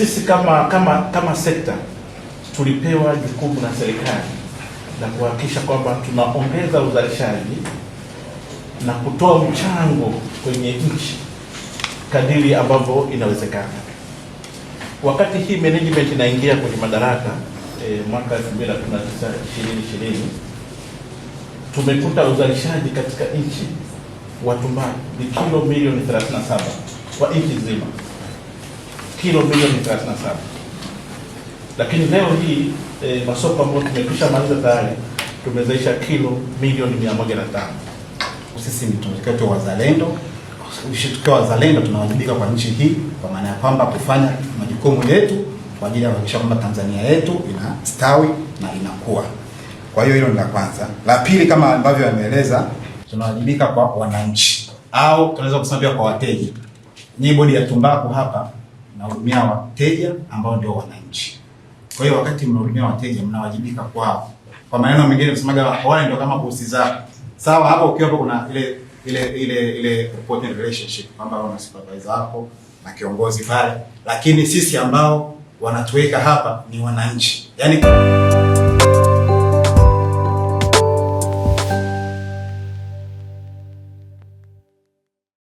Sisi kama kama kama sekta tulipewa jukumu na serikali la kuhakikisha kwamba tunaongeza uzalishaji na kutoa mchango kwenye nchi kadiri ambavyo inawezekana. Wakati hii management inaingia kwenye madaraka eh, mwaka 2019 2020 tumekuta uzalishaji katika nchi wa tumbaku ni kilo milioni 37 kwa nchi nzima kilo milioni 37, lakini leo hii e, masoko ambayo tumekwisha maliza tayari tumezalisha kilo milioni 105. Sisi tukiwa wazalendo tukiwa wazalendo tunawajibika kwa nchi hii, kwa maana ya kwamba kufanya majukumu yetu kwa ajili ya kuhakikisha kwamba Tanzania yetu inastawi na inakuwa. Kwa hiyo hilo ni la kwanza. La pili, kama ambavyo ameeleza, tunawajibika kwa wananchi au tunaweza kusema pia kwa wateja. Ni bodi ya tumbaku hapa mnahudumia wateja ambao ndio wananchi. Kwa hiyo wakati mnahudumia wateja mnawajibika kwao. Kwa maneno mengine msemaga wale ndio kama bosi zako. Sawa, hapo ukiwa hapo kuna ile ile ile ile important relationship kwamba una supervisor wako na kiongozi pale, lakini sisi ambao wanatuweka hapa ni wananchi. Yaani